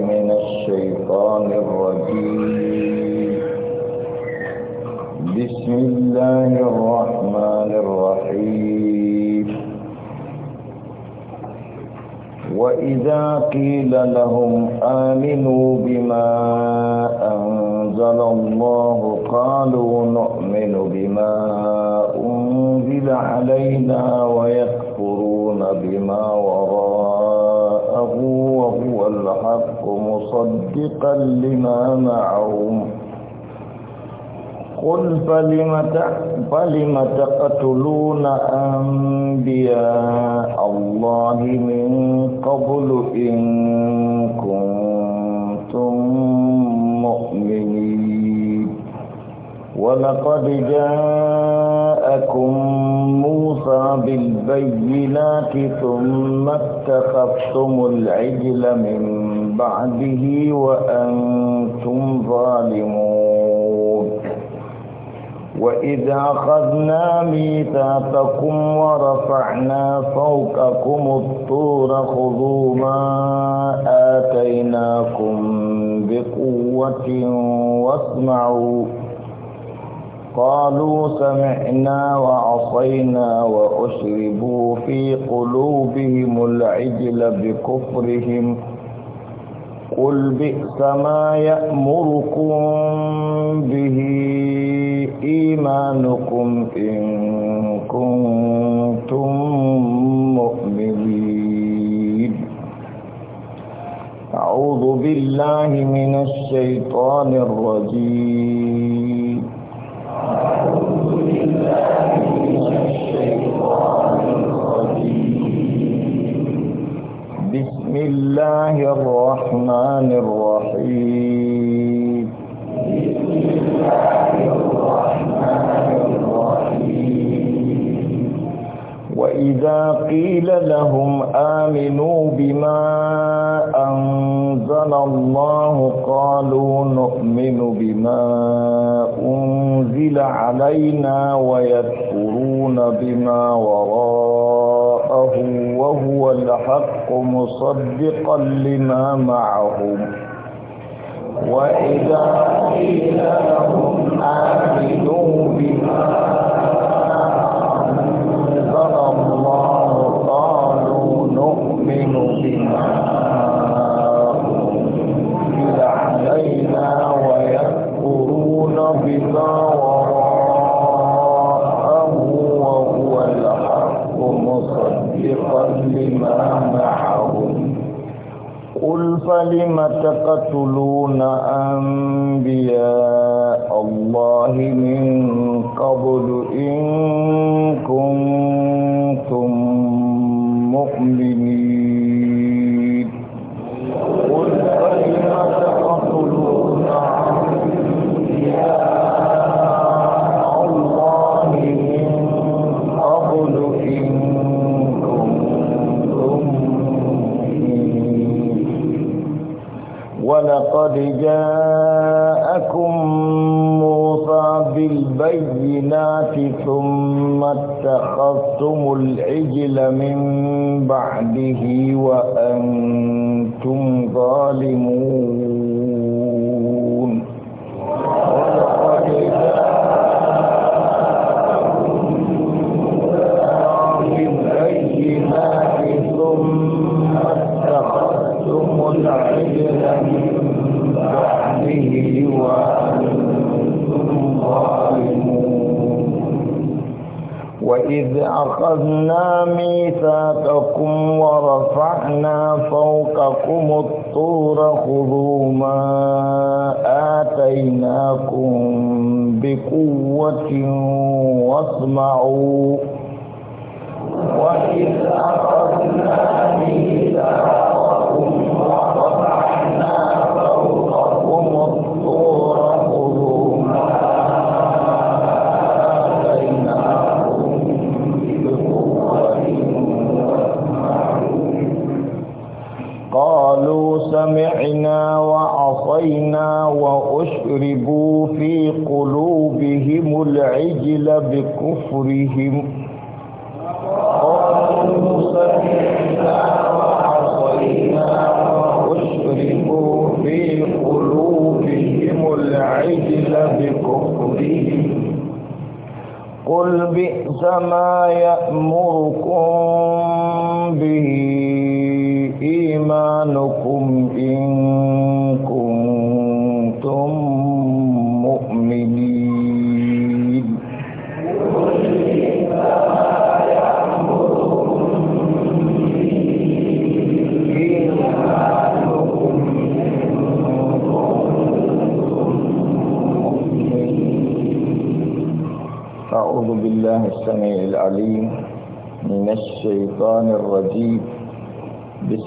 من الشيطان الرجيم بسم الله الرحمن الرحيم وإذا قيل لهم آمنوا بما أنزل الله قالوا نؤمن بما أنزل علينا ويتقى مصدقا لما معهم قل فلم فلم تقتلون أنبياء الله من قبل إن كنتم مؤمنين ولقد جاءكم موسى بالبينات ثم اتخذتم العجل من بعده وأنتم ظالمون وإذا أخذنا ميثاقكم ورفعنا فوقكم الطور خذوا ما آتيناكم بقوة واسمعوا قالوا سمعنا وعصينا وأشربوا في قلوبهم العجل بكفرهم قل بئس ما يأمركم به إيمانكم إن كنتم مؤمنين أعوذ بالله من الشيطان الرجيم الله الرحمن الرحيم بسم الله الرحمن الرحيم وإذا قيل لهم آمنوا بما أنزل الله قالوا نؤمن بما أنزل علينا ويذكرون بما وراء وراءه وهو الحق مصدقا لما معهم وإذا قيل لهم آمنوا بما فلم تقتلون أنبياء الله من قبل إن جاءكم موسى بالبينات ثم اتخذتم العجل من بعده وأنتم وإذ أخذنا ميثاقكم ورفعنا فوقكم الطور خذوا ما آتيناكم بقوة واسمعوا سمعنا وعصينا وأشربوا في قلوبهم العجل بكفرهم في قلوبهم العجل بكفرهم قل بئس ما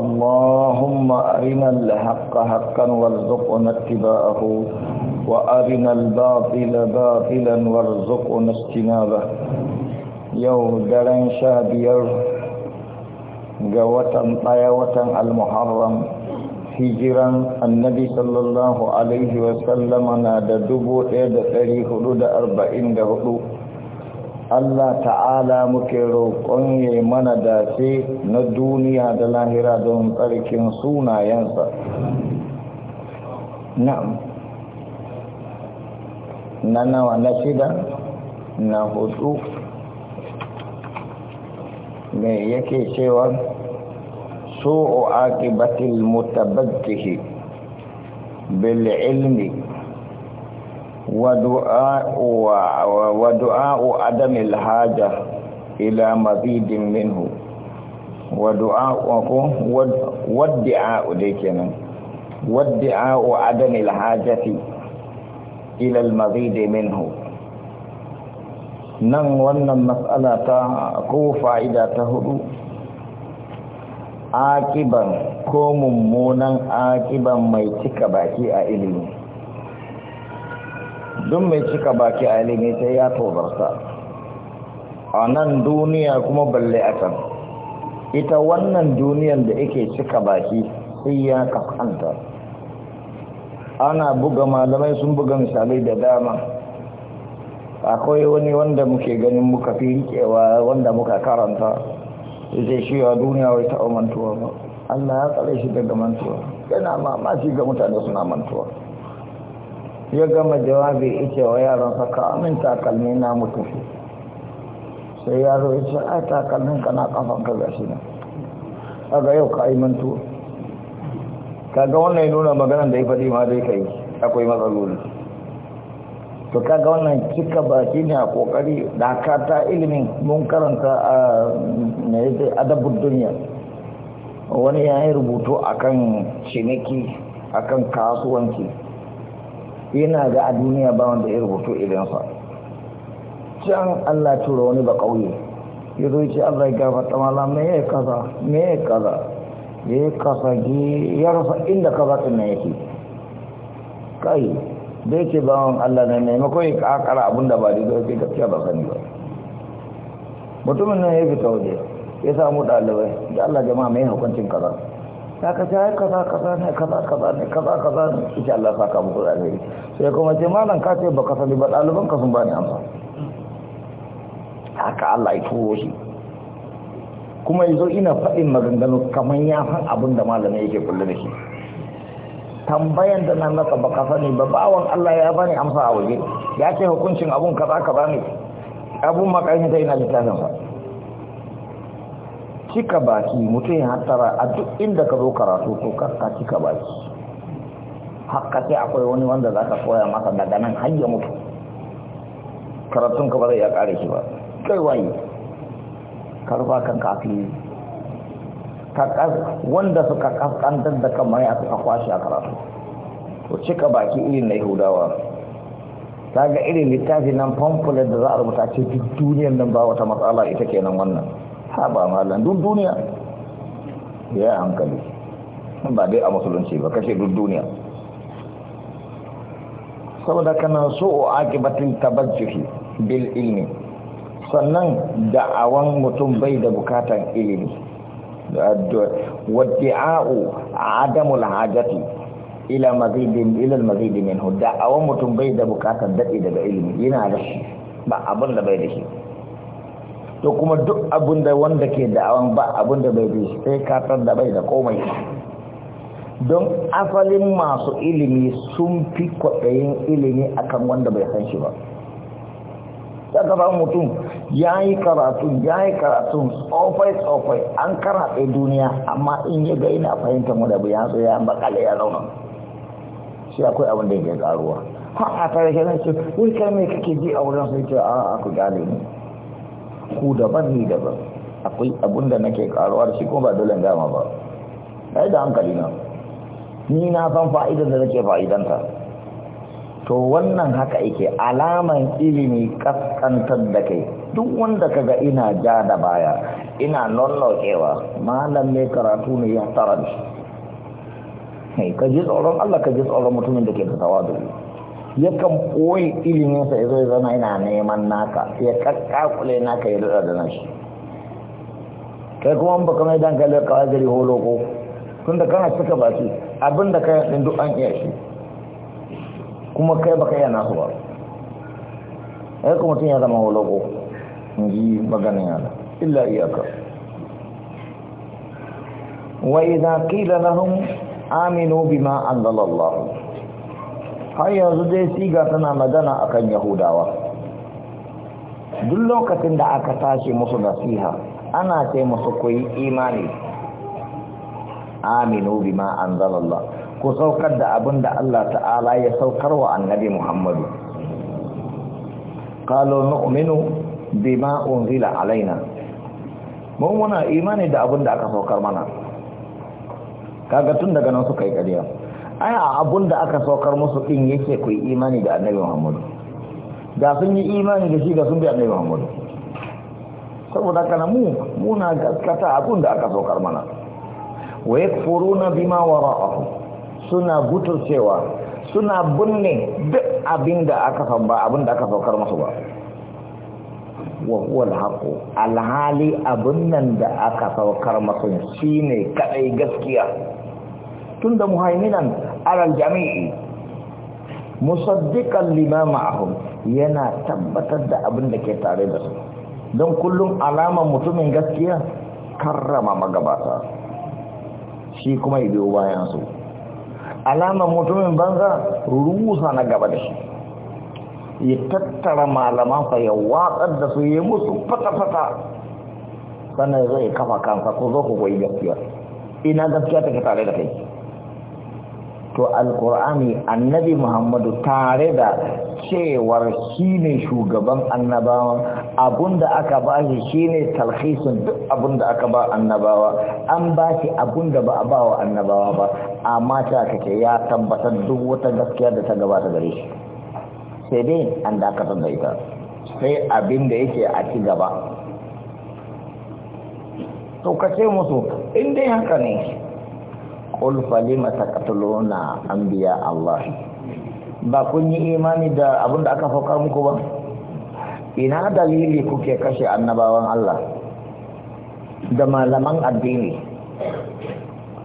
اللهم أرنا الحق حقا وارزقنا اتباعه وأرنا الباطل باطلا وارزقنا اجتنابه يوم درن شابير جواتن طيوتن المحرم هجرا النبي صلى الله عليه وسلم نادى دبو إيد فريق رد أربعين دهدو Allah ta'ala muke roƙon ya mana dace na duniya da lahira don tsarkin sunayensa. Na'am. Na nawa na shida, na hudu, me yake cewa su'u aqibatil mutabaddihi bil ilmi ودعاء عدم الحاجة إلى مزيد منه ودعاء والدعاء ديكنا عدم الحاجة إلى المزيد منه nan wannan matsala ta ko fa'ida ta hudu akiban ko mummunan aƙiban mai cika baki a ilimi don mai cika baki a ilimi sai ya tobarsa a nan duniya kuma balle a can ita wannan duniyan da ake cika baki sai ya kafanta ana buga malamai sun buga misalai da dama akwai wani wanda muke ganin muka fi rikewa wanda muka karanta zai shi wa duniya wai ta'o mantuwa ba Allah ya tsare shi daga mantuwa yana mamaki ga mutane suna mantuwa ya gama jawabi ita wa yaransa ka amin takalmi na mutu sai yaro ya ce ai takalmin ka na kafan ka gashi a ga yau ka yi mantu kaga wannan ya nuna maganar da ya faɗi ma dai kai akwai matsaloli to kaga wannan cika baki ne a kokari ta ilimin mun karanta a na yadda adabin duniya wani ya yi rubutu akan ciniki akan kasuwanci yana ga a duniya ba wanda ya rubutu idansa can Allah tura wani ba ƙauye ya zo ce Allah ya gafarta mala me ya kaza me ya kaza ya yi kasa ya rasa inda kaza ɗin na yake kai da yake wani Allah na maimakon ya kakara abin da ba daidai sai gaskiya ba sani ba mutumin nan ya fita waje ya samu ɗalibai da Allah jama'a mai hukuncin kaza za ka sai kaza kaza ne kaza kaza ne kaza kaza ne insha Allah sa ka muku da alheri sai kuma ce malam ka ce baka sani ba ɗaliban ka sun bani amsa haka Allah ya turo shi kuma yazo ina faɗin maganganu kamar ya san abin da malamin yake kullu da shi tambayan da nan maka baka sani ba bawan Allah ya bani amsa a waje ya ce hukuncin abun kaza kaza ne abun makarin ta ina littafin fa. cika baki mutum ya hattara a duk inda ka zo karatu to karka cika baki haka sai akwai wani wanda za ka koya masa daga nan har ya mutu karatun ka ba zai ya kare shi ba kai waye karba kan kafi wanda suka kaskantar da kan maya suka kwashe a karatu to cika baki irin na yahudawa ta ga irin littafi nan famfulan da za a rubuta ce duk duniyar nan ba wata matsala ita kenan wannan haba malam duk duniya ya hankali ba dai a musulunci ba kashe duk duniya saboda kana so a akibatin tabajjuhi bil ilmi sannan da'awan mutum bai da bukatan ilimi wadda'a'u adamul hajati ila mazidin ila mazidin hudda da'awan mutum bai da bukatan dadi daga ilimi yana da shi ba abin da bai da shi to kuma duk abin da wanda ke da'awan ba abin da bai bai sai katar da bai da komai don asalin masu ilimi sun fi kwaɗayin ilimi akan wanda bai san shi ba daga ba mutum ya yi karatu ya yi karatu tsofai-tsofai an karaɗe duniya amma in ya ga ina fahimtar mu da bayan ya bakale ya zauna shi akwai abin da ya karuwa. har a tare shi na ce wai kai mai kake ji a wurin sai ce a ku gane ni ku daban ni daban akwai abun nake karuwar shi kuma ba dole dama ba dai da hankali na ni na san fa'idar da nake fa'idanta to wannan haka yake alaman ilimi kaskantar da kai duk wanda kaga ina ja da baya ina nonnokewa malam ne karatu ne ya tara da shi tsoron Allah ka ji tsoron mutumin da ke da tawadu yakan koyi iliminsa ya zo ya zama yana neman naka ya kakkakule naka ya rada da shi kai kuma baka mai dankali kawai gari holo ko tun da kana cika baki abin da kai ɗin duk an iya shi kuma kai baka iya nasu ba ya kuma tun ya zama holo ko in ji maganin yana illa iyaka wa idan qila lahum aminu bima anzalallahu har yanzu dai siga tana magana akan yahudawa duk lokacin da aka tashi musu nasiha ana ce musu ku yi imani aminu bima anzalallah ku saukar da abin da Allah ta'ala ya saukar wa annabi Muhammadu qalu nu'minu bima unzila alaina mun muna imani da abin da aka saukar mana kaga tun daga nan suka yi ƙarya ai abun da aka saukar musu din yake ku imani da annabi Muhammad da sun yi imani da shi da sun bi annabi Muhammad saboda kana mu muna kata abun da aka saukar mana wa yakfuruna bima wara'ahu suna cewa suna binne duk abin da aka famba abin da aka saukar musu ba wa huwa alhali abun nan da aka saukar musu shine kadai gaskiya tun da muhaiminan alal jami'i musaddiqan lima ma'ahum yana tabbatar da abin da ke tare da su don kullum alama mutumin gaskiya karrama magabata shi kuma ya biyo bayan su alamar mutumin banza rusa na gaba da shi ya tattara sa ya watsar da su yi musu fata-fata sannan zai kafa kansa ko zo ku goyi gaskiya ina gaskiya take tare da kai to alkur'ani annabi muhammadu tare da cewar shi ne shugaban annabawa abinda aka ba shi shi ne talhisun duk abinda aka ba annabawa an ba shi abinda ba a ba wa annabawa ba amma ta kake ya tabbatar duk wata gaskiya da ta gabata gare shi sai dai an dakatar da ita sai abinda yake a ci gaba to ka ce musu in dai haka ne qul falima taqtuluna anbiya Allah ba kun yi imani da abun da aka faukar muku ba ina dalili kuke kashe annabawan Allah da malaman addini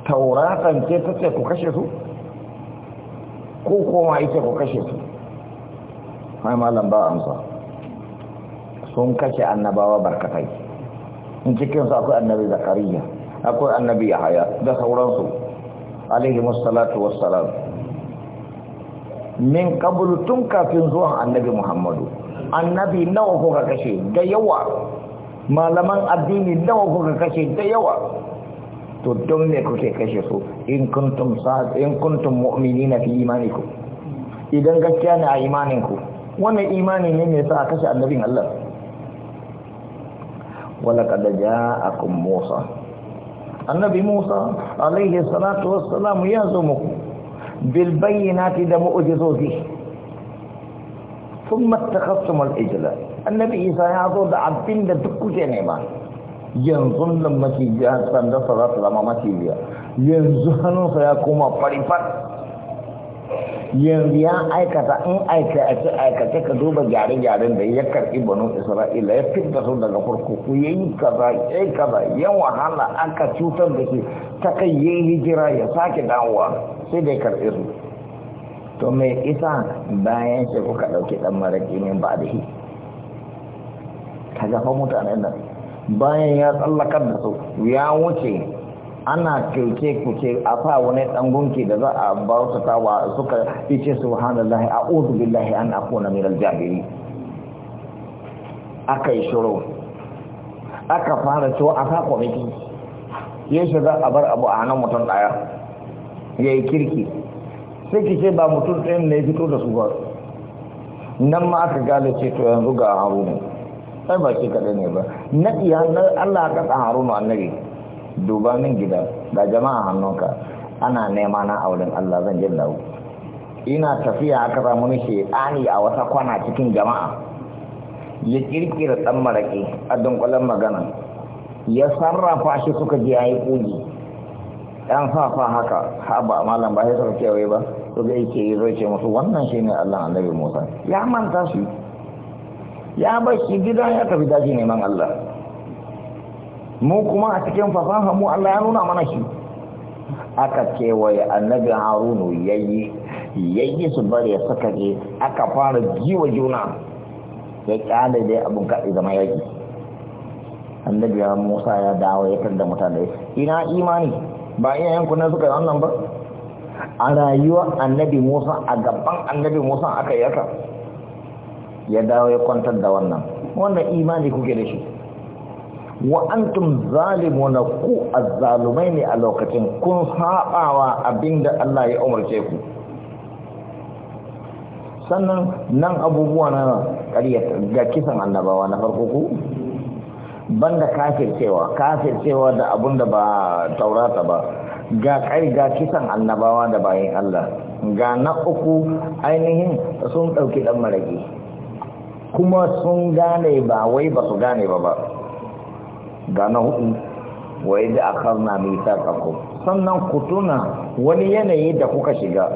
tauratan ce take ku kashe su ko kuma ita ku kashe su mai malam ba amsa sun kashe annabawa barkatai in cikin su akwai annabi zakariya akwai annabi yahaya da sauransu alaihi wassalatu wassalam min kabulu tun kafin zuwan annabi muhammadu annabi nawa kuka kashe da yawa malaman addini nawa kuka kashe da yawa to don me kuke kashe su in kuntum sa'ad in kuntum mu'minina fi imanikum idan gaskiya ne a imaninku wannan imani ne mai sa a kashe annabin Allah wala qad ja'akum Musa النبي موسى عليه الصلاه والسلام يعظم بالبينات المعجزات ثم اتخذتم الاجل النبي عيسى يعظم عبدين دكوتينما ينظن لما تيجي عند لما ما ينظن فيكم فريفات yanzu ya aikata in aikace aikace ka duba gyare-gyaren da ya karɓi banu isra'ila ya fitta su daga kurkuku ya yi kaza ya yi kaza ya wahala an ka cutar da shi ta kai ya yi hijira ya sake dawowa sai ya karɓi su to mai isa bayan shi kuka ɗauki ɗan maraƙi ne ba da shi ka gafa mutanen nan bayan ya tsallakar da su ya wuce ana ku kuke a fa wani dan gunki da za a bauta wa suka yace subhanallahi a'udhu billahi an akuna al jahili aka yi shiru aka fara cewa a fa kwamiti yace za a bar abu a hannun mutum daya yayi kirki sai ki ce ba mutum ɗayan ne fito da su ba nan ma aka gane ce to yanzu ga ne sai ba ki kaɗai ne ba na iya na allah ka haruna annabi duba min gida da jama'a hannunka ana nema na auren Allah zan jin dawo ina tafiya aka samu ni shedani a wata kwana cikin jama'a ya kirkira dan maraki a dunkulen magana ya sarrafa shi suka je yayi kugi dan fafa haka haba malam ba sai suka kewaye ba to ga yake yi zai ce musu wannan shine Allah annabi Musa ya manta shi ya bar shi gida ya tafi daji neman Allah mu kuma a cikin fasaha mu Allah ya nuna mana shi aka kewaye annabi harunu yayi yayi su bare suka je aka fara jiwa juna ya kyale dai abun kaɗi zama yaki annabi musa ya dawo ya tarda mutane ina imani ba yanku na suka yi wannan ba a rayuwar annabi musa a gaban annabi musa aka yi ya dawo ya kwantar da wannan wannan imani kuke da shi wa antum zalimuna ku azzalumai ne a lokacin kun saɓawa abinda Allah ya umarce ku sannan nan abubuwa na ƙarya ga kisan annabawa na farko ku banda kafircewa kafircewa da abunda ba taurata ba ga kai ga kisan annabawa da bayan Allah ga na uku ainihin sun ɗauki ɗan maraƙi kuma sun gane ba wai ba su gane ba ba ga na hudu wa yadda akhadna mithaqakum sannan ku tuna wani yanayi da kuka shiga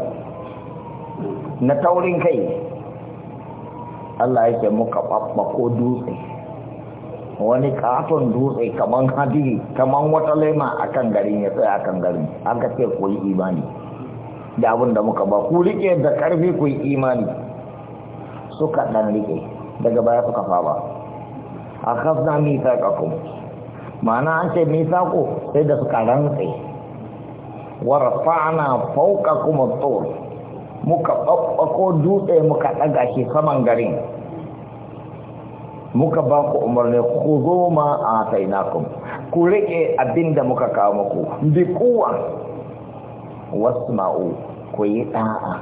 na taurin kai Allah yake muka ko dutse wani katon dutse kaman hadiri kaman wata lema kan garin ya tsaya kan garin an ka ce ku yi imani da abin da muka ba ku rike da ƙarfi ku yi imani suka ɗan rike daga baya suka faba akhadna mithaqakum ma'ana an ce misako sai da suka rantse warfa'na fauka kuma tsor muka ɓaɓɓako dutse muka ɗaga shi saman garin muka ba ku umarni ku zo ma a tainakun ku riƙe abin da muka kawo muku bi kuwa wasu ma'u ku yi ɗa'a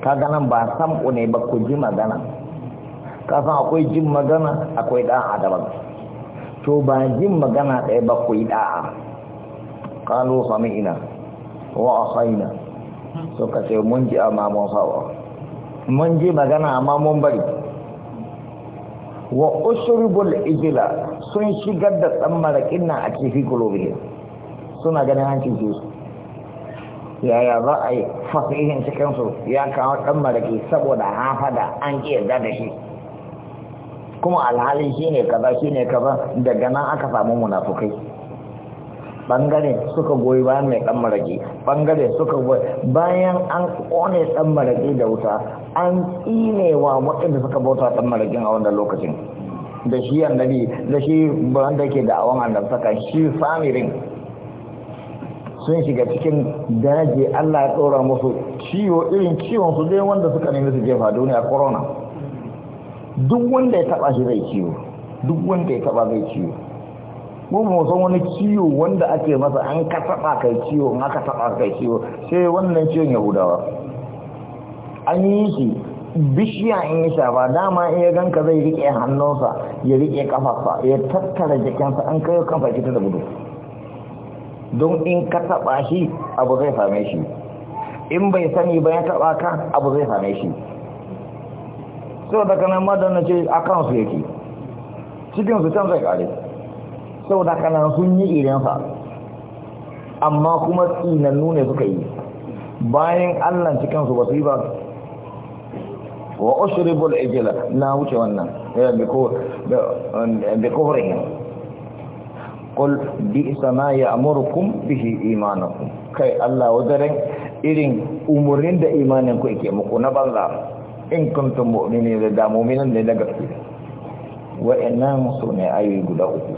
ka ganin ba sam'u ne ba ku ji magana kasan akwai jin magana akwai ɗa'a magana to ba jin magana ɗaya ba ku yi da'a kano ina, wa a To ka ce mun ji a mamon sawa mun ji magana a mun bari wa ushribul ijila sun shigar da tsan marakin nan a kifi kulubihim suna ganin hancin su yaya za a yi fasihin cikinsu ya kawo ɗan maraki saboda hafa da an ƙi yarda da shi kuma alhali shine kaza shine kaza daga nan aka samu munafukai bangare suka goyi bayan mai dan marage bangare suka goyi bayan an kone dan marage da wuta an tsinewa waɗanda suka bauta dan maragen a wannan lokacin da shi annabi da shi wanda ke da awon annabtaka shi samirin sun shiga cikin daji Allah ya tsora musu ciwo irin ciwon su dai wanda suka nemi su jefa duniya corona duk wanda ya taba shi zai ciwo duk wanda ya taba zai ciwo ko mu san wani ciwo wanda ake masa an ka taba kai ciwo an aka taba kai ciwo sai wannan ciwon ya hudawa, an yi shi bishiya in yi shafa dama in ya ganka zai rike hannunsa ya rike kafafa ya tattara jikinsa an kai kafa kita da gudu don in ka taba shi abu zai same shi in bai sani ba ya taba ka abu zai same shi sau da kanan madan na ce a kansu yake cikinsu can zai kare sau da kanan sun yi irinsa amma kuma tsinannu ne suka yi bayan allan cikinsu ba su yi ba wa ushribul ijla na wuce wannan ya bi ko bi kufrihim qul bi bihi imanukum kai Allah wadaren irin umurin da imanin ku yake muku na banza in kuntum mu'minin da mu'minin ne daga su wa'annan su ne ayoyi guda uku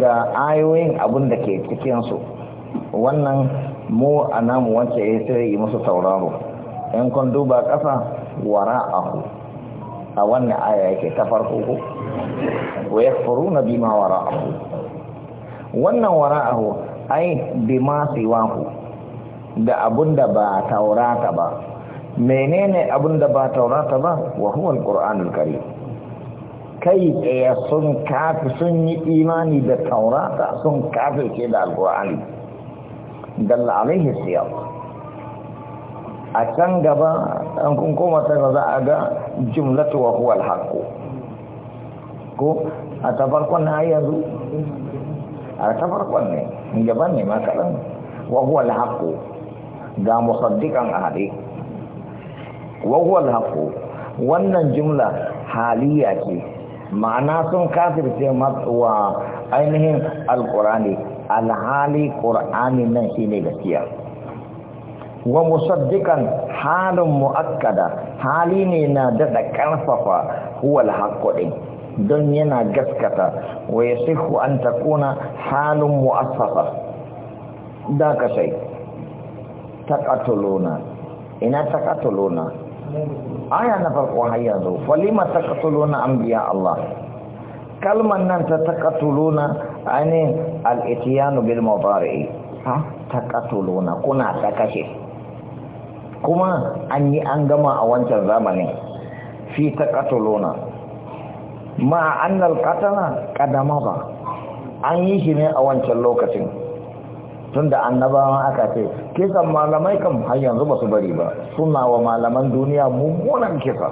ga ayoyin abin da ke cikin su wannan mu a namu wance ya sai yi musu sauraro in kun duba kasa wara'ahu a wannan aya yake ta farko ko wa na bima wara'ahu wannan wara'ahu ai bima siwahu da abun da ba taurata ba menene abin da ba taurata ba wa huwa alqur'anul karim kai tsaye sun kafi sun yi imani da taurata sun kafi ke da alqur'ani dalla alaihi siyar a can gaba an kun koma ta za a ga jumlatu wa huwa alhaq ko a ta farkon na yanzu a ta farkon ne gaban ne ma kaɗan wa huwa alhaq ga musaddiqan ahadith wa huwa wannan jumla haliya ce ma'ana sun kafirce wa ainihin alƙurani, alhali ƙur'ani nan ne gaskiya wa musaddiqan halin muakkada hali ne na daɗa karfafa huwa al don yana gaskata wa yasihu an takuna halin mu'assafa da ka sai taqatuluna ina taqatuluna aya na farko har yanzu falima taqtuluna anbiya Allah kalman nan ta taqtuluna ani ah, al-ityanu bil mudari ha taqtuluna kuna ta kashe kuma an yi an gama a wancan zamani. fi taqtuluna ma annal qatala qadama ba an yi shi ne a wancan lokacin tun da annabawan aka ce kisan malamai kan har yanzu ba su bari ba suna wa malaman duniya mummunan kisa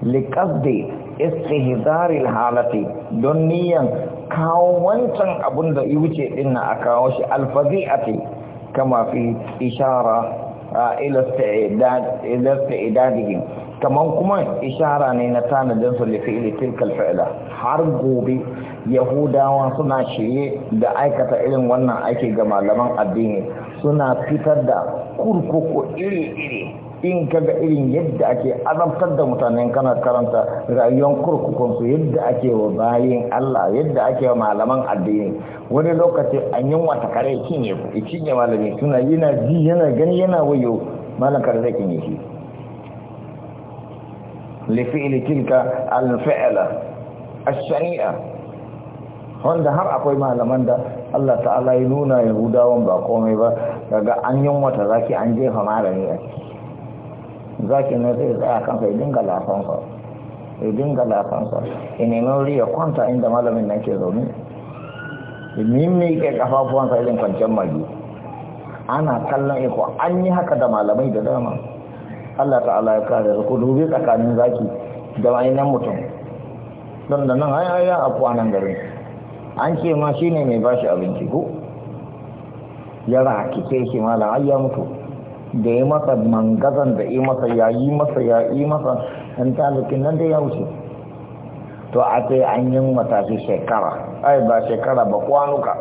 likasde istihzaril halati don niyan kawo wancan abun da yi wuce dinna a kawo shi ce kama fi ishara A ilasta idadigin kaman kuma ishara ne na tanadin su lifi ilitin kalfa'ila har gobe yahudawa suna shirye da aikata irin wannan aiki ga malaman addini suna fitar da kurkuku iri-iri in kaga irin yadda ake azabtar da mutanen kana karanta rayuwar kurkukun su yadda ake wa bayin Allah yadda ake wa malaman addini wani lokaci an yi wata kare cinye malami suna yana ji yana gani yana wayo malam kare zai cinye shi لفعل تلك الفعلة الشنيئة wanda har akwai malaman da Allah ta'ala ya nuna ya yahudawan ba komai ba daga an yin wata zaki an jefa malami a ciki zaki ne zai tsaya kansa ya dinga lafansa ya dinga lafansa ya nemi wuri ya kwanta inda malamin na ke zaune ya mimmiƙe kafafuwansa irin kwanciyar magi ana kallon iko an yi haka da malamai da dama Allah ta'ala ya kare su ku dubi tsakanin zaki da wayannan mutum don da nan ai ai a kwanan garin an ce ma shine mai bashi abinci ko ya ce shi ma ai ya mutu da ya masa mangazan da ya masa ya yi masa ya yi masa an talukin nan da ya wuce to a ce an yi shi shekara ai ba shekara ba kwanuka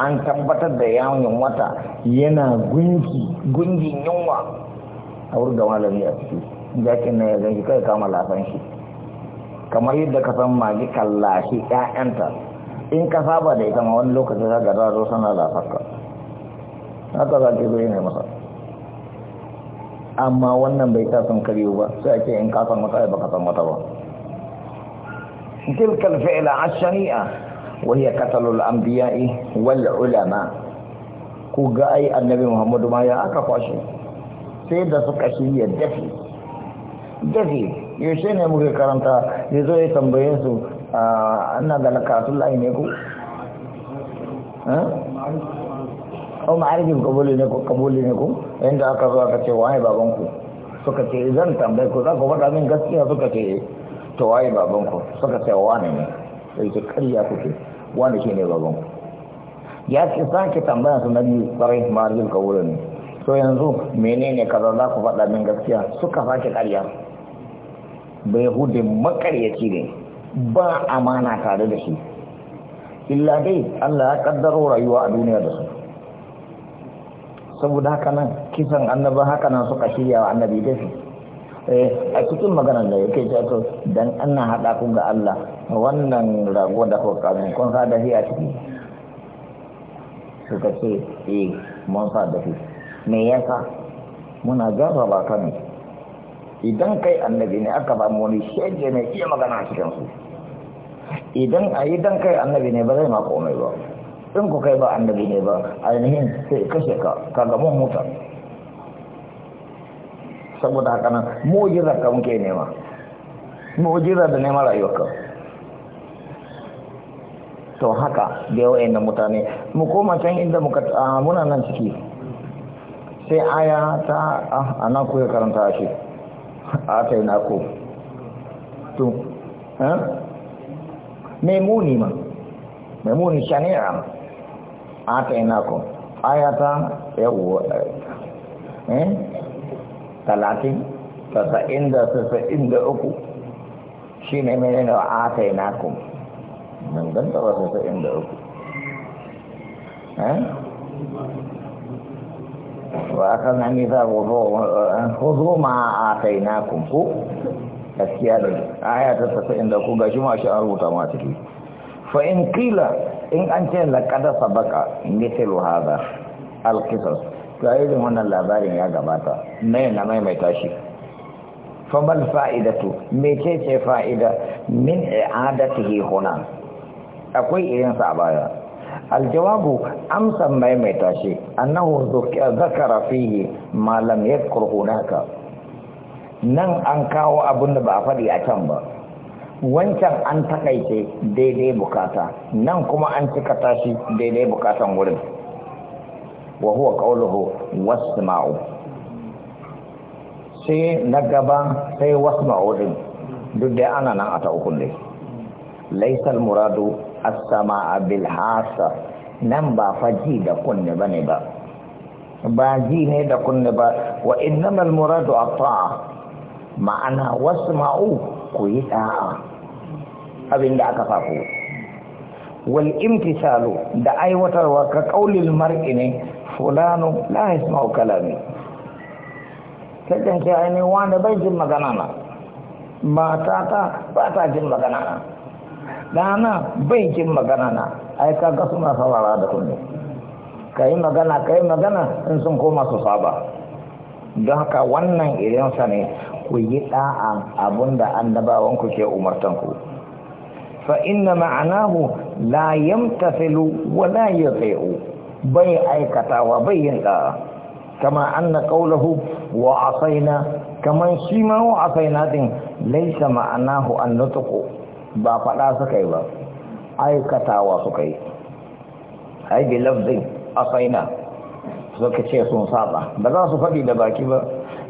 an tabbatar da yawon wata yana gungi gungin yunwa a wurin da malami a ciki jakin na ya zan shi kai kama lafan shi kamar yadda ka san magi kallashi ƴaƴanta in ka saba da ita ma wani lokaci za ga zaro sana ka haka za ki zo ne masa amma wannan bai ta karyo ba sai ake in ka san wata ba ka san wata ba تلك الفعلة الشنيئة وهي قتل الأنبياء والعلماء annabi النبي محمد ما aka أكفاشي sai da suka shirya dafi dafi yaushe ne muke karanta ya zo ya tambaye su ah, ana da kasu layi ne ku? o ma'arifin kabuli ne ku kabuli ne ku yadda aka zo aka ce waye babanku suka ce zan tambaye ku za ku faɗa min gaskiya suka ce to waye babanku suka ce wane ne sai ce karya kuke wane shi ne babanku ya ce sake tambaya su na biyu kwarai ma'arifin kabuli ne to yanzu menene kaza za ku faɗa min gaskiya suka fashe ƙarya bai hude makaryaci ne ba amana tare da shi illa dai Allah ya kaddaro rayuwa a duniya da su saboda haka nan kisan annabi haka nan suka shirya wa annabi eh a cikin maganar da yake ce to dan ana haɗa ku ga Allah wannan rago da ko kamin kun sa da shi a ciki suka ce eh mun sa da shi me yasa muna jarraba ka ne idan kai annabi ne aka ba mu wani shege mai iya magana a cikin su idan a yi dan kai annabi ne ba zai ma komai ba in ku kai ba annabi ne ba ainihin sai kashe ka ka ga mun mutar saboda haka nan mu'jizar ka muke nema mu'jizar da neman rayuwarka to haka da yawa mutane mu koma can inda muka muna nan ciki sai aya ta ah, a nan ku karanta shi a ta yi nako to eh? maimuni ma maimuni shani'a a ta yi nako aya ta yawo eh talatin tasa'in da tasa'in da uku shi ne mene na a ta yi naku dangantara tasa'in da uku eh وأخذنا ميثاق خذوا ما آتيناكم كو gaskiya ne aya ta tafi inda ku gashi ma shi an rubuta ma ciki fa in qila in an ce laqad sabaqa mithlu hadha al-qisas to irin wannan labarin ya gabata mai na mai mai tashi fa bal fa'idatu me ce ce fa'ida min i'adatihi huna akwai irin sa a baya aljawabu amsan maimaita shi annahu zakara fihi ma lam yadhkur hunaka nan an kawo abin da ba a faɗi a can ba wancan an takaice daidai bukata nan kuma an cika tashi daidai bukatan wurin wa huwa qawluhu wasma'u sai na gaba sai wasma'u din duk da ana nan a ta ukun dai laysal muradu Asama samaa hasa nan ba faji da kunne ne ba ba ji ne da kunne ba wa innamal muradu at-ta'a ma'ana wasma'u ku yi da'a abinda aka faku wal imtisalu da aiwatarwa ka qaulil mar'i ne fulanu la yasma'u kalami kadan ainihin wanda bai jin magana na matata ba ta jin magana na Dana bai jin magana na ai kaga suna saurara da kunne ka magana kai magana in sun koma su saba don haka wannan irinsa ne ku yi da'a abin da annabawanku ke umartanku fa inna ma'anahu la yamtasilu wa la yuti'u bai aikatawa bai yin da'a kama anna qawluhu wa asayna kaman shi ma wa asayna din laysa ma'anahu an nutqu ba faɗa suka yi ba aikatawa suka yi ai bi lafzin asaina suka ce sun saba ba za su faɗi da baki ba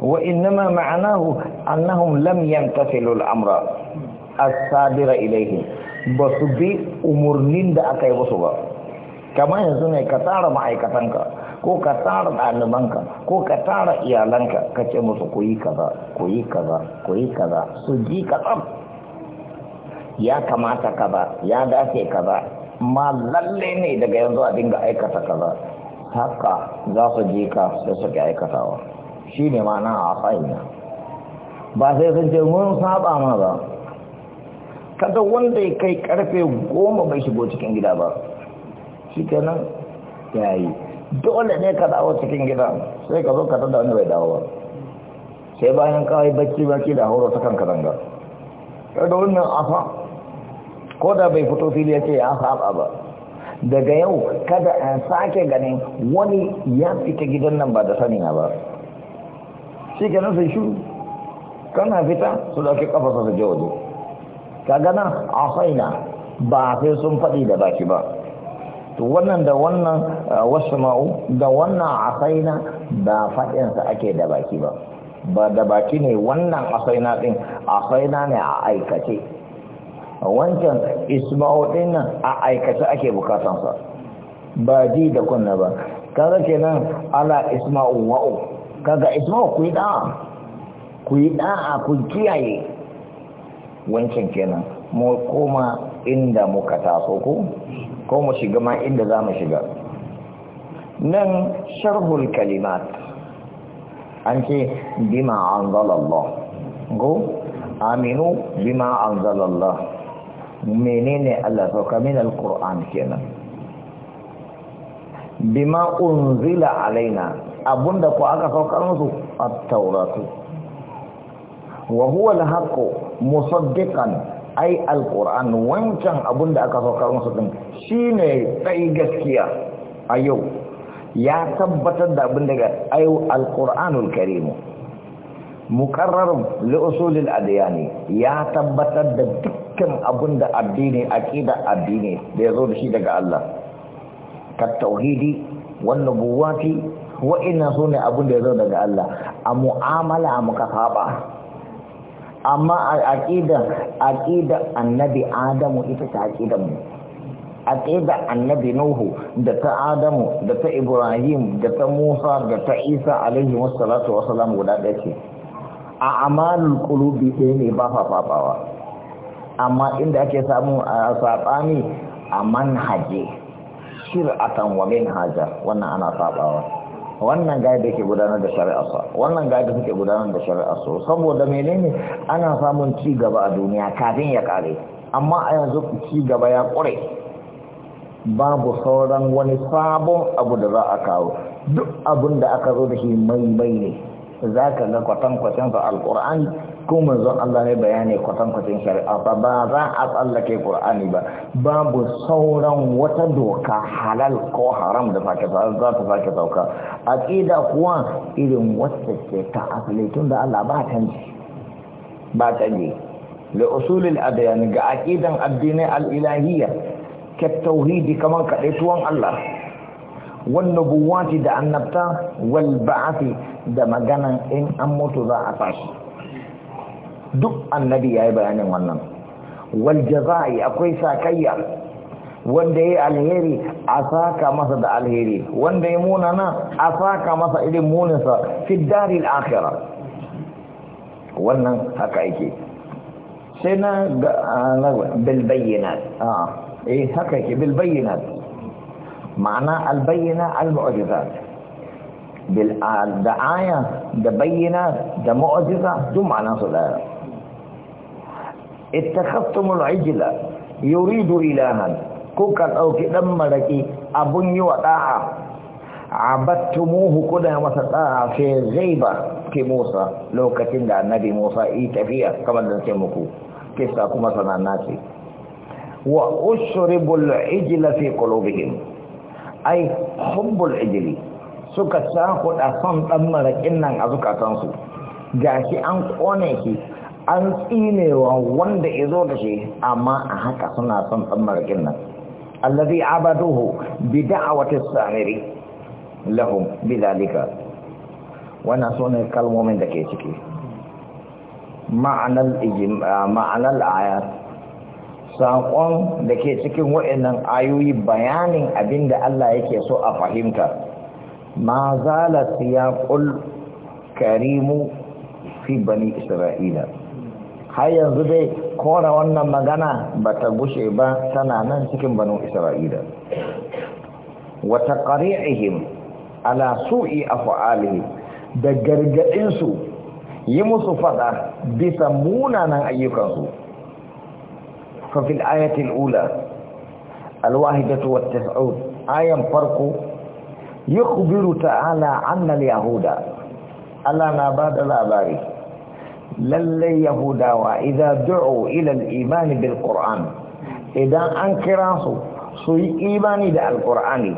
wa innama ma'anahu annahum lam yantasilu al-amra as-sabira ilayhi ba su bi umurnin da aka yi musu ba kamar yanzu ne ka tara ma'aikatanka ko ka tara ɗalibanka ko ka tara iyalanka ka ce musu ku yi kaza ku yi kaza ku yi kaza su ji ka ya kamata ka ba ya dace ka ba ma lalle ne daga yanzu a dinga aikata ka ba haka za su je ka da suke aikatawa shi ne nan a fahimta ba sai sun ce mun saba ma ba kada wanda ya kai karfe goma bai shigo cikin gida ba shi kenan ya yi dole ne ka dawo cikin gida sai ka zo ka tada wani bai dawo ba sai bayan kawai bacci baki da hauro ta kanka zanga kada wannan afa ko da bai fito fili ya ce ya saba ba daga yau kada an sake ganin wani ya fita gidan nan ba da sanina ba shi nan sai shi kana fita su dauki kafa su je waje gana a haina ba sai sun faɗi da baki ba to wannan da wannan wasu ma'u da wannan a haina ba faɗinsa ake da baki ba ba da baki ne wannan a din ɗin haina ne a aikace wancan isma'u dinnan a aikace ake bukatansa ba ji da kunna ba kaga kenan ala isma'u wa'u kaga isma'u ku yi da'a ku yi da'a ku kiyaye wancan kenan mu koma inda muka taso ko ko mu shiga ma inda za mu shiga nan sharhul kalimat an ce bima anzalallah go aminu bima anzalallah menene Allah sauka min al-Qur'an kenan bima unzila alaina abunda ko aka saukar musu at-tauratu wa huwa al-haqq musaddiqan al-Qur'an wancan abunda aka saukar musu din shine sai gaskiya a yau ya tabbatar da abin daga ayo al-Qur'anul karim muqarrar li usulil adyani ya tabbatar da duk dukkan abin da addini aqida addini da yazo da shi daga Allah kat tauhidi wan nubuwati wa inna huna abin da yazo daga Allah a mu'amala muka saba amma a aqida aqida annabi adamu ita ta aqida mu aqida annabi nuhu da ta adamu da ta ibrahim da ta musa da ta isa alaihi wassalatu wassalam guda ɗaya ce a amalul qulubi ɗaya ne ba fa fafawa amma inda ake samu a saɓani a manhaji shir'atan wa min haja wannan ana saɓawa wannan gaya da ke gudanar da shari'arsa wannan gaya da suke gudanar da shari'arsa saboda menene ana samun ci gaba a duniya kafin ya kare amma a yanzu ci gaba ya ƙure babu sauran wani sabon abu da za a kawo duk abin da aka zo da shi mai mai ne za ka ga kwatankwacin sa alƙur'ani ko manzon Allah ne bayani kwatankwacin shari'a ba ba za a tsallake Qur'ani ba babu sauran wata doka halal ko haram da sake za ta sake sauka aqida kuwa irin wacce ce ta asali tunda Allah ba ji. ba canji li usulil adyan ga aqidan addini al-ilahiyya ke tauhidi kaman tuwon Allah والنبوات da annabta wal ba'asi da maganan in an mutu za a tashi duk annabi ya yi bayanin wannan wal jaza'i akwai sakayya wanda ya yi alheri a saka masa da alheri wanda ya munana a saka masa irin muninsa fi daril akhirah wannan haka yake sai na ga bil bayyinat ah eh haka yake bil bayyinat ma'ana al al mu'jizat bil da aya da bayyana, da mu'jiza duk ma'anar su daya ittakhastumul ajla yuridu ilahan kuka dauki dan maraki abun yi wa da'a abattumuhu kuna masa da'a fi ghaiba ki Musa lokacin da annabi Musa yi tafiya kamar da sai muku kisa kuma sananna ce wa ushribul ijla fi qulubihim ai hubbul ijli suka sa kuɗa son ɗan maraƙin nan a zukatansu gashi an kone shi an tsinewa wanda ya zo da shi amma a haka suna son ɗan nan allazi abaduhu bi da'awati samiri lahum bidalika wana sune kalmomin da ke ciki ma'anar ma'anar ayat saƙon da ke cikin waɗannan ayoyi bayanin abin da Allah yake so a fahimta ma ya siyaqul karimu fi bani isra'ila har yanzu dai kora wannan magana ba ta gushe ba tana nan cikin banu isra'ila wata ƙari'ihim ala su'i af'alihi da gargaɗinsu yi musu fada bisa munanan ayyukansu fafil ayatul ula alwahidatu wahidatu ayan farko yukhbiru ta'ala anna al-yahuda Allah na bada labari lallai yahudawa idan du'u ila al-imani bil qur'an idan an kira su su yi imani da al-qur'ani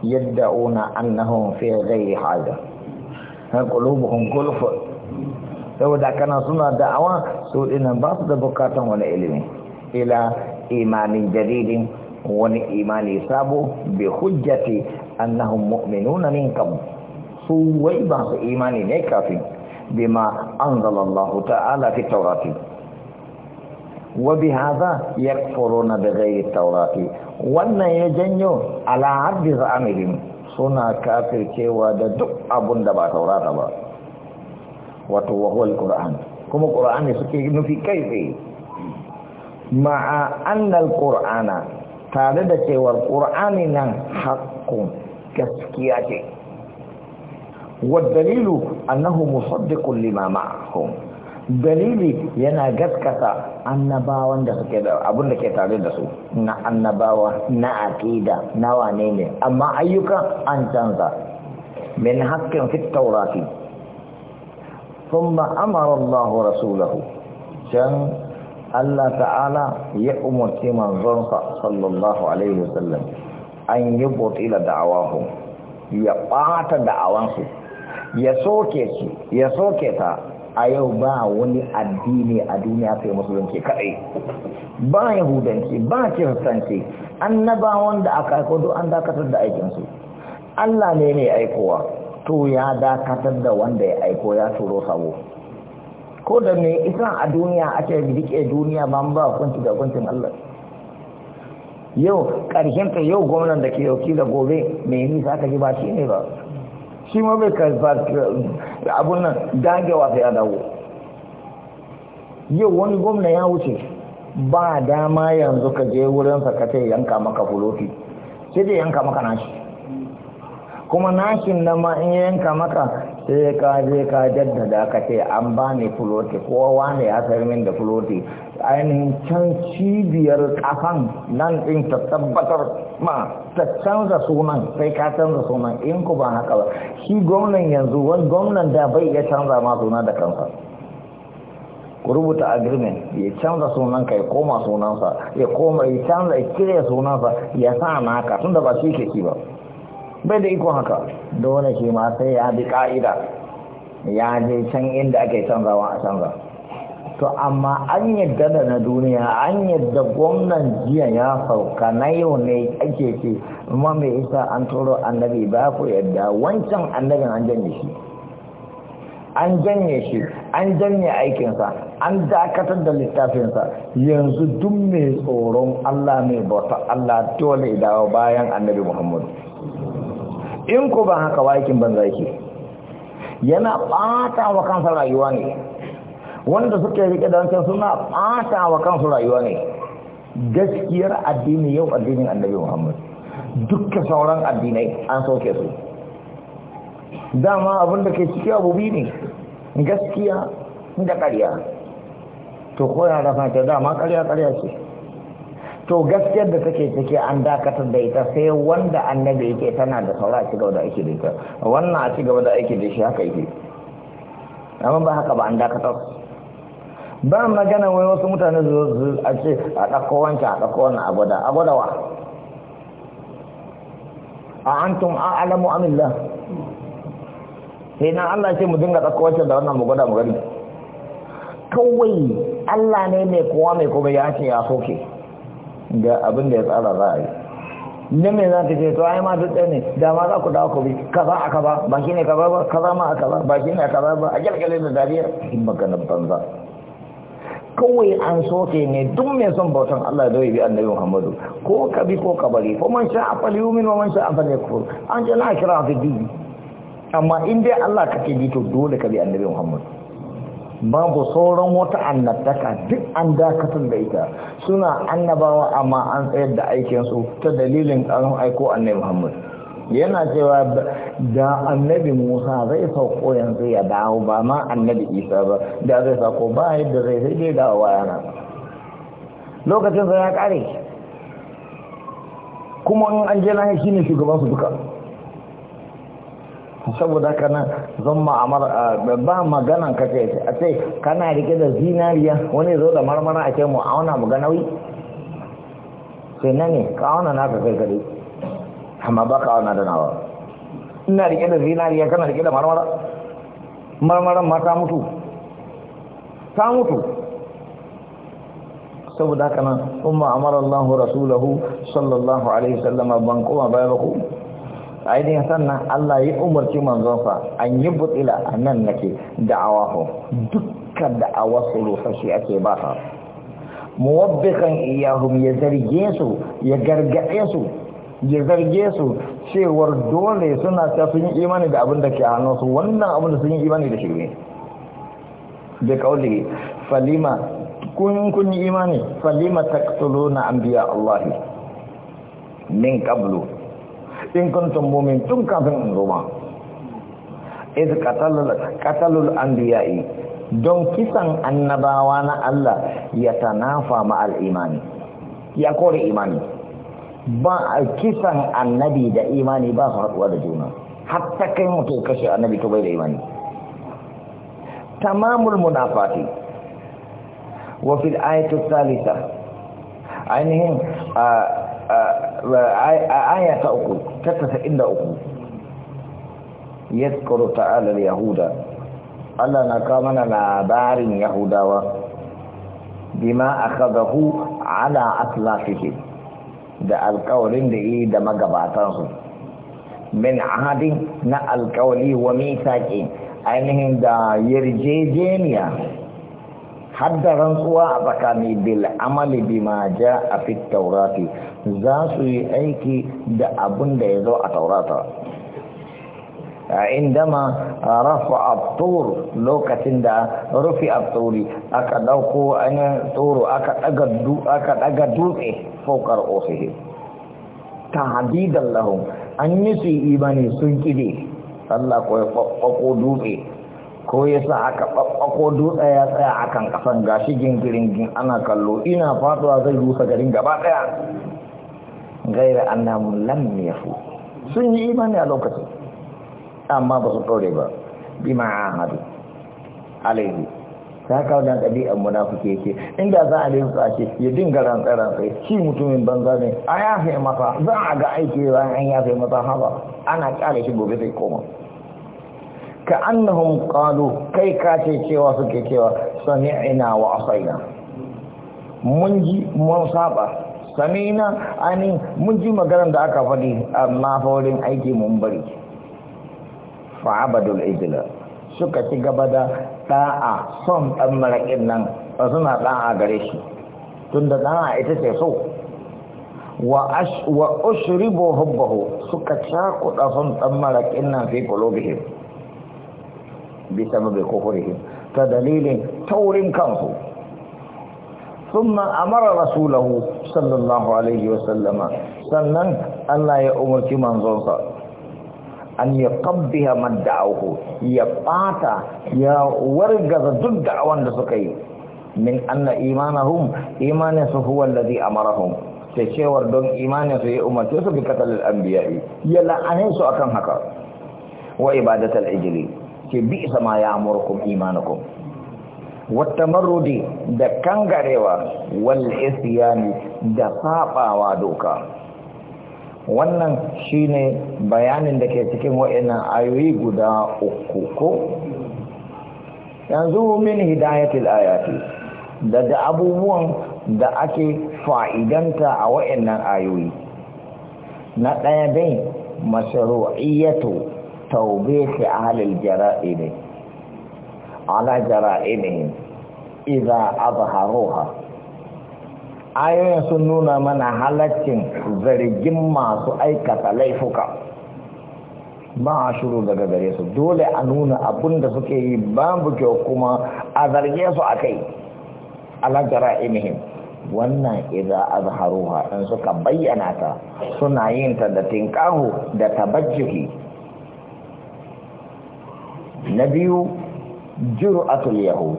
yadda'una annahum fi ghairi hada qulubuhum gulf saboda kana suna da'awa su dinan ba su da bukatan wani ilimi ila imanin jadidin wani imani sabo bi hujjati annahum mu'minuna min qabl su wai ba su imani ne kafin بما أنزل الله تعالى في التوراة وبهذا يكفرون بغير التوراة وأن يجنوا على عبد زعمهم سنة كافر كيوا دق أبن دبا توراة با وهو القرآن كم القرآن سكين في كيفه مع أن القرآن تعالى كيوا القرآن نحق gaskiya ce والدليل أنه مصدق لما معهم دليل ينا جد كتا أن باوا كتا أبونا كتا لدسو نا أن باوا نا أكيدا نوا نيني أما أيوكا أنت أنت من حق في التوراة ثم أمر الله رسوله شن الله تعالى يأمر تيمان زنقا صلى الله عليه وسلم أن يبطل دعواهم يقاتل دعوانهم ya soke su ya soke ta a yau ba wani addini a duniya sai musulunci kaɗai ba yahudanci ba kiristanci annaba wanda aka aiko duk an dakatar da aikinsu Allah ne mai aikowa to ya dakatar da wanda ya aiko ya turo sabo ko da me isa a duniya ake rike duniya ba ba hukunci da hukuncin Allah yau ƙarshen ta yau gwamnan da ke yauki da gobe mai nisa ka ji ba shi ne ba shi ma bai karfa abun nan dagewa sai ya dawo yau wani gwamna ya wuce ba dama yanzu ka je wurin sakatai yanka maka fuloti sai dai yanka maka nashi kuma nashin nan ma in yanka maka sai ka je ka jaddada ka ce an ba ni fuloti kowa wani ya sayar min da fuloti ainihin can cibiyar kafan nan ɗin ta tabbatar ma ta canza sunan sai ka canza sunan in ku ba haka ba shi gwamnan yanzu wani gwamnan da bai iya canza ma suna da kansa ku rubuta agreement ya canza sunan ka ya koma sunansa ya koma ya canza ya cire sunansa ya sa naka tunda ba shi ke ki ba bai da iko haka dole shi ma sai ya bi ka'ida ya je can inda ake canzawa a canza to amma an yadda da na duniya an yadda gwamnan jiya ya sauka na yau ne ake ce amma mai isa an turo annabi ba ku yadda wancan annabin an janye shi an janye shi an janye aikinsa an dakatar da littafinsa yanzu duk mai tsoron allah mai bauta allah dole dawo bayan annabi muhammadu in ku ba haka wakin banzaki yana ɓata wa kansa rayuwa ne wanda suke rike da wancan suna fata wa kansu rayuwa ne gaskiyar addini yau addinin annabi muhammad dukka sauran addinai an soke su dama abinda da ke ciki abu biyu ne gaskiya da ƙarya to koya da fata dama ƙarya ƙarya ce to gaskiyar da take ciki an dakatar da ita sai wanda annabi yake tana da saura a cigaba da aiki da ita wannan a cigaba da aiki da shi haka yake amma ba haka ba an dakatar ba magana wai wasu mutane zuzu a ce a ɗakko wanke a ɗakko wannan agwada abada wa a antum a alamu amillah sai na Allah ce mu dinga ɗakko wancan da wannan mu gwada mu gani kawai Allah ne mai kowa mai kuma ya ce ya soke ga abin da ya tsara za a yi ne mai za ka ce to ai ma duk ne da ma za ku dawo ku bi kaza a kaza ba shi ne kaza ba kaza ma a kaza ba shi ne a kaza ba a kyalkyalin da dariya in maganar banza kawai an soke ne duk mai son bautan Allah zai bi annabi Muhammadu ko ka ko ka ko man sha afal yumin wa man sha afal yakfur an ji na kira fi amma in dai Allah kake bi to dole ka bi annabi Muhammadu babu sauran wata annabtaka duk an dakatar da ita suna annabawa amma an tsayar da aikinsu ta dalilin an aiko annabi Muhammadu yana cewa da annabi musa zai sauko yanzu ya dawo ba ma annabi isa ba da zai sauko ba yadda zai sai dai dawowa yana lokacin sa ya kare kuma in an je shi shine shugaban su duka saboda kana zan ma'amar ba maganan ka ce a ce kana rike da zinariya wani zo da marmara a ce mu auna mu ga nauyi sai na ka auna naka kai kare amma ba ka na da nawa ina rike da zinariya kana rike da marmara marmaran ma ta mutu ta mutu saboda haka nan umma amara Allah rasulahu sallallahu alaihi wasallam ban kuma baya ba ku aidin sannan Allah ya umarci manzon sa an yi butila annan nake da'awahu dukkan da da'awar su rufashi ake ba ta muwabbikan iyahum ya zarge su ya gargaɗe su ya zarge su cewar dole suna ta sun yi imani da abin da ke su wannan abin da sun yi imani da shirme da kauli falima kun kun yi imani falima ta na an biya Allah min kablo in kun mu'min tun kafin in roma katalul an biya yi don kisan annabawa na Allah ya tanafa ma'al imani ya kore imani ba a kisan annabi da imani ba su haɗuwa da juna hatta kai mutum kashe annabi to bai da imani tamamul munafati wa fil ayatu salisa ainihin a aya ta uku ta inda uku yadkuru ta'ala yahuda Allah na kawo mana labarin yahudawa bima akhadahu ala aslafihim da alkawarin da yi da magabatansu min ahadin na alkawari wa saƙi ainihin da yarjejeniya hadda rantsuwa a tsakani bil amali bima ja a fit taurati za su yi aiki da abin da ya zo a taurata عندما رفع الطور لوكتين دا رفع الطور اكا دوكو انا طور اكا اكا أكا أقدوك فوق رؤوسه تحديدا لهم أن يسي سنكي دي الله كوي فقو دوكي ko yasa aka ɓaɓɓako dutse ya tsaya akan kasan gashi gingirin gin ana kallo ina faduwa zai rusa garin gaba daya gaira annamu lam yafu sun yi imani a lokacin amma ba su ɗore ba bima ahadu alaihi ta kawo da ɗabi'ar munafuki yake inda za a rinsu a ce ya dinga rantsar sai shi mutumin banza ne a yafe mata za a ga aiki bayan an yafe mata haba ana ƙyale shi gobe sai koma ka annahum qalu kai ka ce cewa suke cewa ina wa asaina mun ji mun saba sami'na ani mun ji maganar da aka faɗi amma fa wurin aiki mun bari fa'abadul ijla suka ci gaba da da'a son dan marakin nan suna a gare shi tunda da'a ita ce so wa ash wa ushribu hubbahu suka cakuɗa son dan marakin nan fi qulubihim bi sababi kufrihim ta dalilin taurin kansu ثم أمر رسوله sallallahu alaihi عليه وسلم سنن الله يأمر كمان an ya kabbiya auku ya bata ya wargaza duk da'awan da suka yi min anna imanahum imaninsu su huwa allazi amarahum sai cewar don imanin su ya umarce su bi katalil anbiya'i ya la'ane su akan haka wa ibadatal ijli ke bi isa ma ya amurkum imanakum watamarrudi da kangarewa wal isyani da sabawa doka wannan shine bayanin da ke cikin wa'ina ayoyi guda uku ko yanzu min hidayatil ayati da da abubuwan da ake fa'idanta a wa'inan ayoyi na ɗaya dai mashru'iyyatu tawbihi ahlil jara'imi ala jara'imihim haro ha. ayoyin sun nuna mana halaccin zargin masu aikata laifuka ba a shuru daga gare su dole a nuna abin da suke yi babu kyau kuma a zarge su a kai alajara imihim wannan idan azharuha in suka bayyana ta suna yin ta da tinkahu da tabajjuhi na biyu jur'atul yahud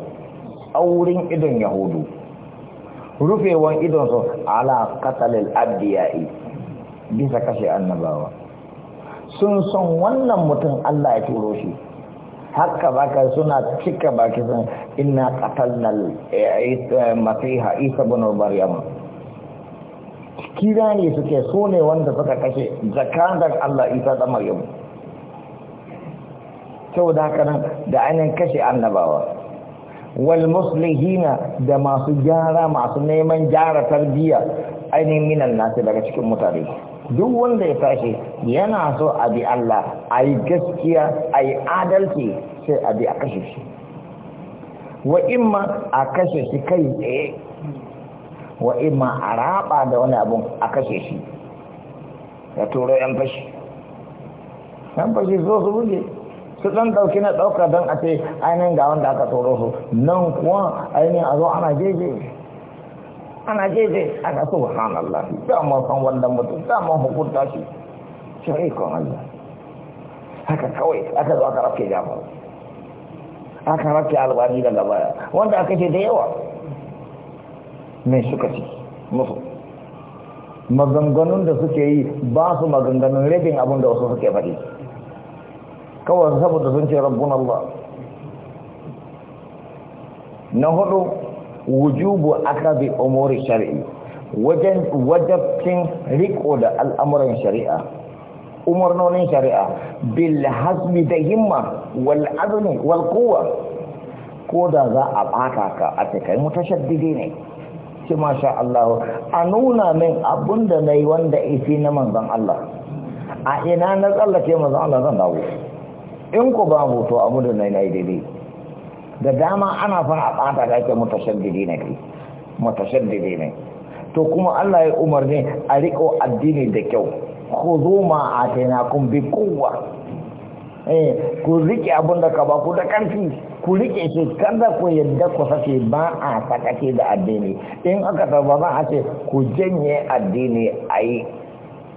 aurin idon yahudu rufewan idonsu ala katalil abdiyai bisa kashe annabawa sun son wannan mutum Allah ya turo shi haka baka suna cika baki sun inna qatalnal eh, eh, masiha isa ibn maryam kira ne suke so ne wanda suka kashe zakatar Allah isa da maryam da haka nan da ainihin kashe annabawa wal muslihina da masu gyara masu neman gyara tarbiyya ainihin minan nasu daga cikin mutane duk wanda ya tashi yana so a bi Allah a yi gaskiya a yi adalci sai a bi a kashe shi wa imma a kashe shi kai tsaye wa imma a raba da wani abun a kashe shi ya turo yan fashi yan fashi zo su buge su ɗan ɗauki na ɗauka don a ce ainihin ga wanda aka tsoro su nan kuwa ainihin a zo ana jeje ana jeje aka su subhanallah dama san wanda mutum dama hukunta shi kan Allah haka kawai aka zo aka rafke jama'a aka rafke albani daga baya wanda aka ce da yawa mai suka ce musu maganganun da suke yi ba su maganganun rabin abin da wasu suke faɗi kawai saboda sun ce rabbun Allah na hudu wujubu akabi umuri shari'i wajen wajabcin riko da al'amuran shari'a umarnonin shari'a bil hasbi da himma wal azmi wal quwwa ko da za a baka ka a cikin mutashaddidi ne ce masha Allah a nuna min abunda nayi wanda ifi na manzon Allah a ina na tsallake manzon Allah zan dawo in ku mu to abu da na yi daidai da dama ana fa a ɓata da ake mutashaddidi ne kai mutashaddidi ne to kuma Allah ya umarni a riko addini da kyau ku ma a kum bi quwwa eh ku rike abin da ka ba ku da ƙarfi ku rike shi kan da ku yadda ku sake ba a sakake da addini in aka tarba ba a ce ku janye addini ai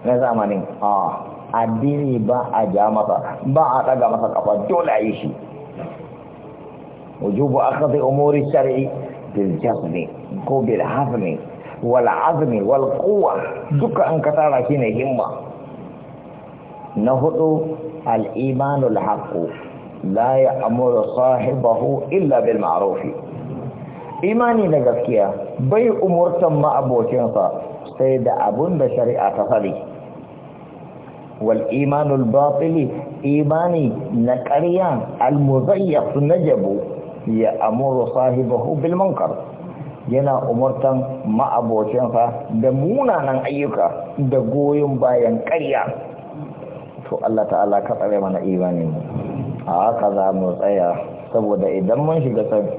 na zamanin ah addini ba a ja masa ba a ɗaga masa kafa dole a yi shi wujubu akhdhi umuri shar'i bil jazmi ko bil hazmi wal azmi wal quwwa duka an ka tara shi ne himma na hudu al imanu al haqq la ya'muru sahibahu illa bil ma'ruf imani da gaskiya bai umurtan ma abokinsa sai da abun da shari'a ta sani wal imanul batili imani na ƙarya al-muzayyaf najabu ya amuru sahibahu yana umurtan ma'abocinsa da munanan ayyuka da goyon bayan ƙarya to Allah ta'ala ka tsare mana imanin mu a haka za mu tsaya saboda idan mun shiga san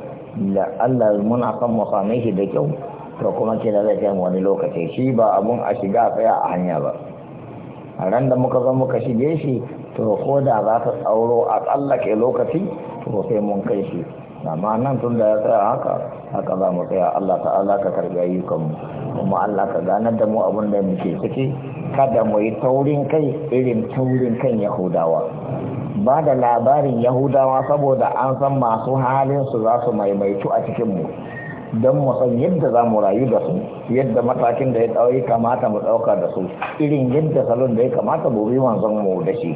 da Allah muna kan mu same shi da kyau to kuma kina zai wani lokaci shi ba abun a shiga tsaya a hanya ba a ran da muka zo muka shige shi to ko da za ta tsauro a tsallake lokaci to sai mun kai shi amma nan tun da ya tsaya haka haka za mu tsaya Allah ta'ala ka karbi ayyukanmu kuma Allah ka ganar da mu abin da muke ciki kada mu yi taurin kai irin taurin kan yahudawa ba da labarin yahudawa saboda an san masu halin su za su maimaitu a cikin mu don mu san yadda za mu rayu da su yadda matakin da ya kamata mu ɗauka da su irin yadda salon da ya kamata gobe bi manzon mu da shi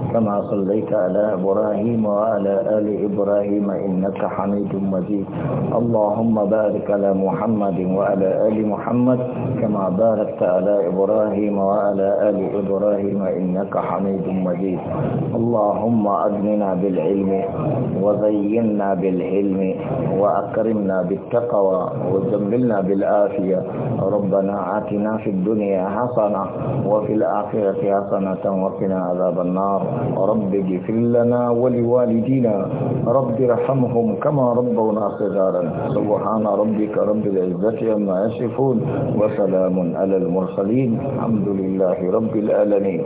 كما صليت على إبراهيم وعلى آل إبراهيم إنك حميد مجيد اللهم بارك على محمد وعلى آل محمد كما باركت على إبراهيم وعلى آل إبراهيم إنك حميد مجيد اللهم أدننا بالعلم وزينا بالعلم وأكرمنا بالتقوى وجملنا بالآفية ربنا آتنا في الدنيا حسنة وفي الآخرة حسنة وقنا عذاب النار رب اغفر لنا ولوالدينا رب ارحمهم كما ربونا صغارا سبحان ربك رب العزة عما يصفون وسلام على المرسلين الحمد لله رب العالمين